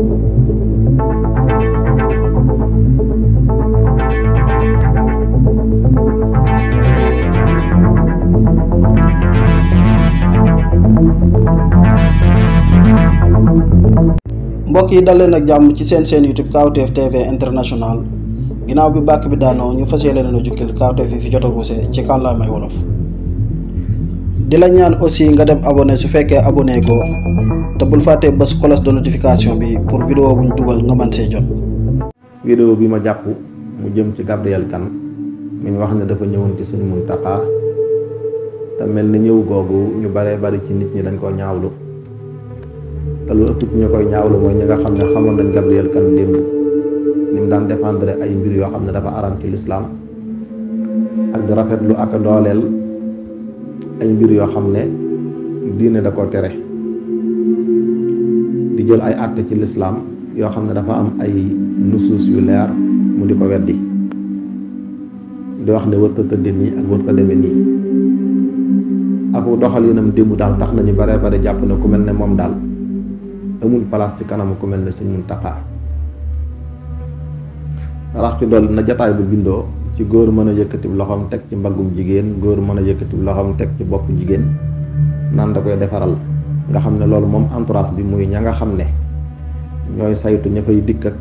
mbokk yi dal leen ak jàmm ci seen seen YouTube Kawtef TV international ginnaaw bi bàkk bi daanoo ñu fas yéene na jukkil Kawtef yi fi jot a ruuse ci kàllaamay wolof dila ñaan aussi nga dem abonné su fekkee abonné ko te bul fàtte de notification bi pour vidéo buñ duggal nga man video jot vidéo bi ma japp mu jëm ci Gabriel kan min wax na dafa ñëwon ci sëñ Muntaqa te mel melni ñëw gogu ñu bare bari ci nit ñi dañ ko ñaawlu te lu ëpp ci ñu koy ñaawlu moy ñi nga xamné xamoon nañ Gabriel kan dem ni daan défendre ay mbir yo xamné dafa aram ci l'islam ak di lu ak dolel ay mbir yoo xam ne diine da ko tere di jël ay àtte ci lislaam yoo xam ne dafa am ay nusus yu leer mu di ko weddi di wax ne wërta tëdde nii ak wërta deme nii ak doxal yenam démb daal tax nañu bare bare jàpp ne ku mel ne moom daal amul place ci kanam ku mel ne sëñ mun taqaa rax dool na jataay bu bindoo ci góor mën a yëkkati tek teg ci mbagum jigéen góor mën a yëkkati loxoom teg ci bopp jigéen nan da koy defaral nga xam ne loolu moom entourage bi muy ña nga xam ne ñooy saytu ña fay dikk ak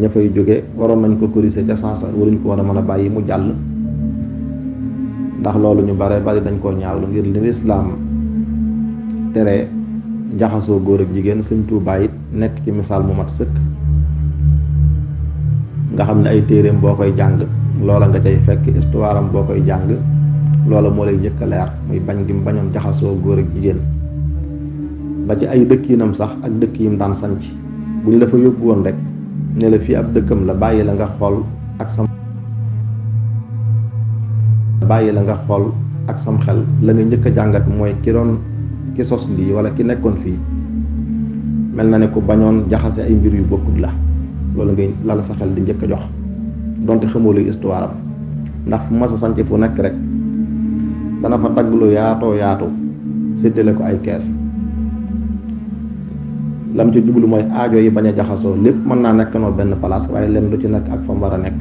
ña fay jóge waroon nañ ko corriger ca sansa waruñ ko war a mën a bàyyi mu jàll ndax loolu ñu bare bari dañ koo ñaawlu ngir li lislaam tere jaxasoo góor ak jigéen sëñ Tuubaa it nekk ci misaal mu mat sëkk nga xam ne ay téeréem boo koy jàng loola nga tey fekk histoire boo koy jàng loola moo lay njëkk a leer muy bañ gi mu bañoon jaxasoo góor ak jigéen ba ci ay dëkkiinam sax ak dëkk yim daan sanc bu ñu la fa yóbbu woon rek ne la fii ab dëkkam la bàyyi la nga xool ak sam bàyyi la nga xool ak sam xel la nga njëkk a jàngat mooy ki doon ki sos lii wala ki nekkoon fii mel na ne ko bañoon jaxase ay mbir yu bokkut la loolu ngay lal sa xel di njëkk a jox donte xamoo luy histoire am ndax fu mas a sanc fu nekk rek dana fa tagg lu yaatoo yaatu séddale ko ay kees lam ci jublu mooy aajo yi bañ a jaxasoo lépp mën naa nekkandoo benn place waaye lenn lu ci nekk ak fa mu war a nekk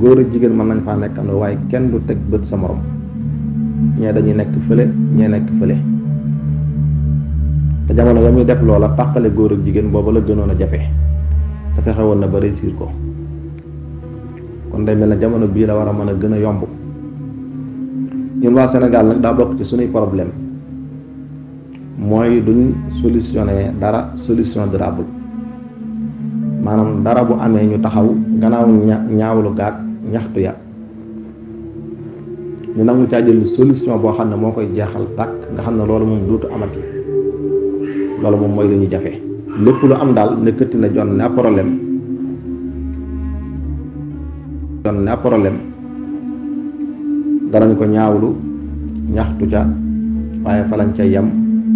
góor ak jigéen mën nañ faa nekkandoo waaye kenn du teg bët sa morom ñee dañuy nekk fële ñee nekk fële te jamono ya muy def loola tàqale góor ak jigéen booba la gënoon a jafe te fexe woon na ba réussir ko kon day mel ne jamono bii la war a mën a gën a yomb ñun waa Sénégal nag daa bokk ci suñuy problème mooy duñ solutionné dara solution durable maanaam dara bu amee ñu taxaw gannaaw ñaawlu gaag ñaxtu ya ñu nangu caa jël solution boo xam ne moo koy jeexal tàkk nga xam ne loolu moom duutu amati loolu moom mooy li ñu jafe lépp lu am daal nekkati na jon ne ab problème toll ne ya, problème danañ ko ñaawlu ñaxtu ca waaye lañ ca yam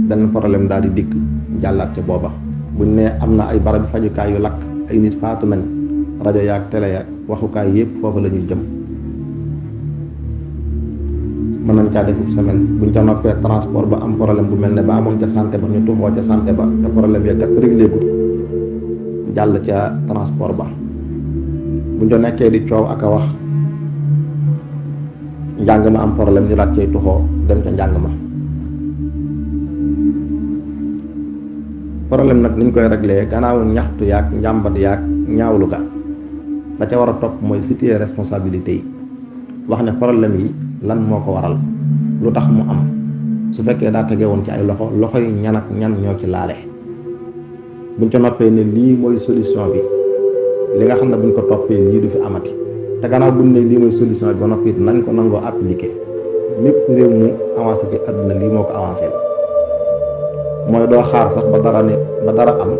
benn problème daal di dikk jàllaat ca booba buñ ne am na ay barab fajukaay yu lakk ay nit faatu men rajo yaag tele yaag waxukaay yépp foofu la ñuy jëm mën nañ caa defub semaine buñ ca noppee transport ba am problème bu mel ne ba amon ca santé ba ñu tuxoo ca santé ba te problème ya ca réglé jàll ca transport ba buñ do nekké di ciow ak wax jang ma am problème ñu laaj tuxo dem ci jang ma problème nak niñ koy réglé ganaw ñaxtu yak njàmbat yak ñaawlu ga da ca wara top moy mooy responsabilité wax né problème yi lan moko waral lu tax mu am su fekkee da tagé won ci ay loxo loxo yi ñan ak ñan ñoo ci laalé buñ ci noppé né li moy solution bi li nga xam ne buñ ko toppee lii du fi amati te gannaaw buñ ne lii mooy solution bi ba noppi nañ ko nangoo appliqué mépp réew mu avancé ci àdduna lii moo ko avancé mooy doo xaar sax ba dara ne ba dara am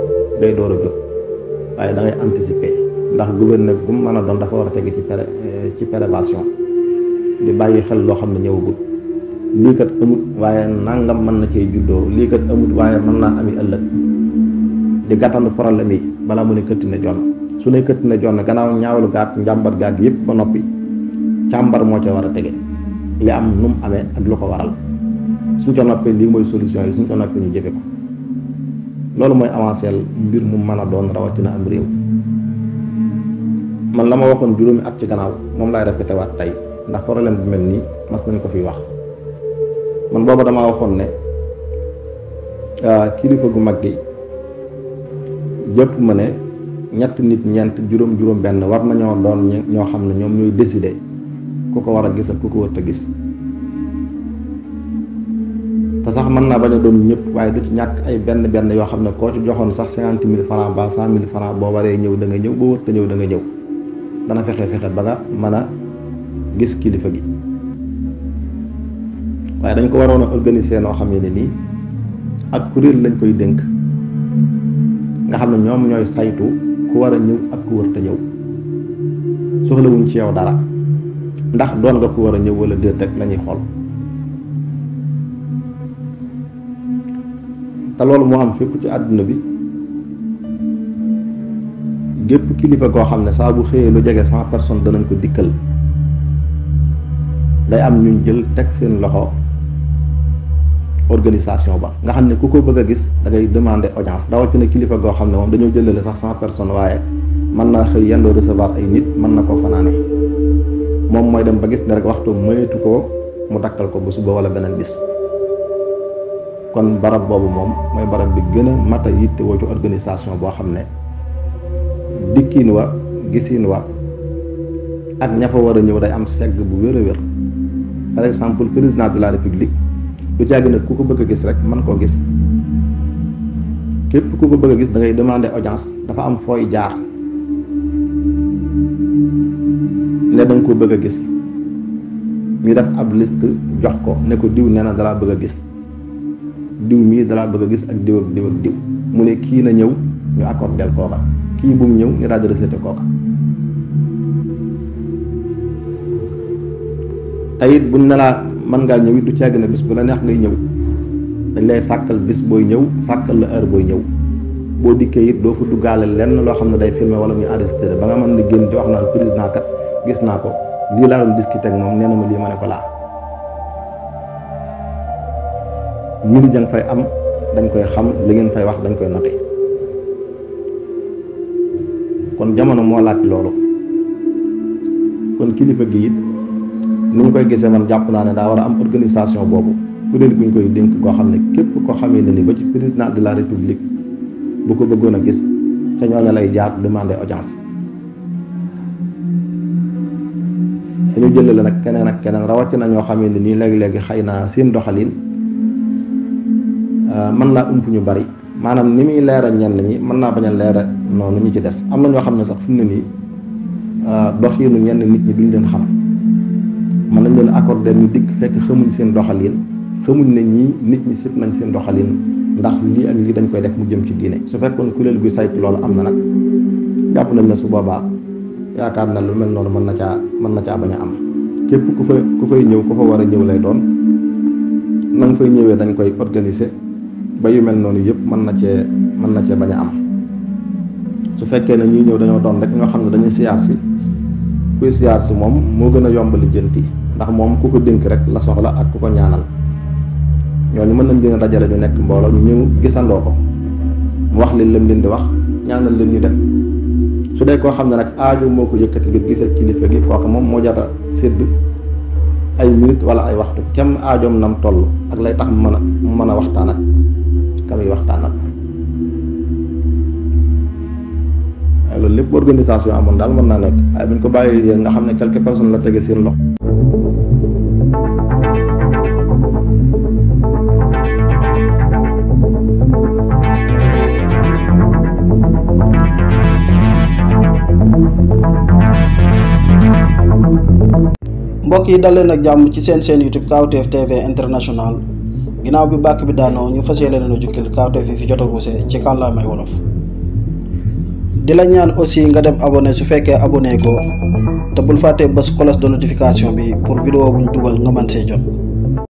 day door a jóg waaye da ngay anticiper ndax gouverneur bu mu mën a doon dafa war a teg ci pré ci prévention di bàyyi xel loo xam ne ñëw lii kat amut waaye nangam mën na cee juddoo lii kat amut waaye mën naa ami ëllëg di gàttandu problème yi balaa mu ne këtt ne su ne na jonn gannaaw ñaawlu gaat njàmbar gaag yépp ba noppi càmbar moo ca war a tege li am num amé ak lu ko waral suñ ko noppee lii mooy solution yi suñ ko noppee ñu jëfe ko loolu mooy avancer mbir mu mën a doon rawatina am réew man la ma waxoon juróomi at ci gannaaw moom laay répété waat tey ndax problème bu mel nii mas nañ ko fi wax man booba damaa waxoon ne ah, kilifa gu mag gi jëpp ma ne ñett nit ñent juróom juróom benn war nañoo doon ñoo xam ne ñoom ñooy décider ku ko war a gis ak ku ko war a gis te sax mën naa bañ a doon ñëpp waaye du ci ñàkk ay benn benn yoo xam ne koo ci joxoon sax cinquante mille ba cent mille franc boo waree ñëw da nga ñëw boo wërta ñëw da nga ñëw dana fexe fexe ba nga mën a gis kilifa gi waaye dañ ko waroon a organiser noo xam ne nii ak kuréel lañ koy dénk nga xam ne ñoom ñooy saytu ku wara ñew ak ku warta ñew soxla wuñ ci yow dara ndax doon nga ku wara ñew wala deet ak lañuy xol ta loolu moo am fépp ci àdduna bi gépp kilifa koo xam ne saa bu xëyee lu jege cent personne danañ ko dikkal day am ñuñ jël teg seen loxo organisation ba nga xamne ne ku ko bëgg gis da ngay demander audience rawatina kilifa go xamne mom dañu jëlale sax 100 personnes waye man na xey yendoo recevoir ay nit man na ko fanane mom moy dem ba gis ne rek waxtu mayetu ko mu dakkal ko bu suba wala benen bis kon barab bobu mom moy barab bi gëna mata yitté wo ci organisation bo xamne dikkin wa gisin wa ak ñafa wara ñew day am ségg bu wér wër par exemple président de la république du jàgg nag ku ko bëgg a gis rek mën koo gis képp ku ko bëgg a gis dangay demande demander audience dafa am fooy jaar ne da nga ko bëgg a gis ñu def ab liste jox ko ne ko diw ne na dalaa bëgg a gis diw mii dalaa bëgg a gis ak diw ak diw mu ne kii na ñëw ñu accordel kooka kii bu mu ñëw ñu daal di rejeté kooka te it ne laa man ngaa ñëw it du càgg na bis bu la neex ngay ñëw dañ lay sàkkal bis booy ñëw sàkkal la heure booy ñëw boo dikkee it doo fa duggaale lenn loo xam ne day filmé wala muy enregistré ba nga mën di génn di wax naan président kat gis naa ko lii laa doon discuté ak moom nee na ma lii ma ne ko laa mili jang fay am dañ koy xam li ngeen fay wax dañ koy noté kon jamono moo laaj loolu kon kilifa gi it ni ñu koy gisee man jàpp naa ne daa war a am organisation boobu kuréel gu ñu koy dénk koo xam ne képp koo xamee ne ni ba ci président de la république bu ko bëggoon a gis ca ñooñu lay jaar demander audience. dañu jël la nag keneen ak keneen rawatina ñoo xamee ne nii léegi-léegi xay naa seen doxalin euh, man naa ump ñu bari maanaam ni muy leera ñenn ñi mën naa bañ a leera noonu ñu ci des am na ñoo xam ne sax fi mu ne nii euh, doxinu ñenn nit ñi duñ leen xam. mën nañ leen accordé ñu dikk fekk xamuñ seen doxalin xamuñ ne ñi nit ñi sib nañ seen doxalin ndax lii ak lii dañ koy def mu jëm ci diine su fekkoon kuréel guy saytu loolu am na nag jàpp nañ ne su boobaa yaakaar na lu mel noonu mën na caa mën na caa bañ a am képp ku fa ku fay ñëw ku fa war a ñëw lay doon na nga ñëwee dañ koy organiser ba yu mel noonu yëpp mën na cee mën na cee bañ a am su fekkee ne ñuy ñëw dañoo doon rek nga xam ne dañuy siyaar si kuy siyaar si moom moo gën a yomb lijjanti ndax moom ku ko dénk rek la soxla ak ku ko ñaanal ñooñu mën nañ dina dajale ñu nekk mbolo ñu ñëw gisandoo ko mu wax leen lam leen di wax ñaanal leen ñu dem su dee koo xam ne nag aaju moo ko yëkkati ngir gisee lifa gi kooka moom moo jara sedd ay minute wala ay waxtu kem aajoom nam toll ak lay tax mën a mën a waxtaan ak kam yi waxtaan ak lépp organisation amoon daal mën naa nekk waaye bu ñu ko bàyyi yéen nga xam ne quelques personnes la tege seen loxo. mbokk yi dal leen jàmm ci seen seen YouTube Kawtef TV international ginnaaw bi bàkk bi daanoo ñu fas yéene leen a jukkil Kawtef yi fi jot a ci kàllaamay wolof. di la ñaan aussi nga dem abonné su féké abonné ko té bul fàtte bés cloche de notification bi pour vidéo buñ duggal nga mën sé jot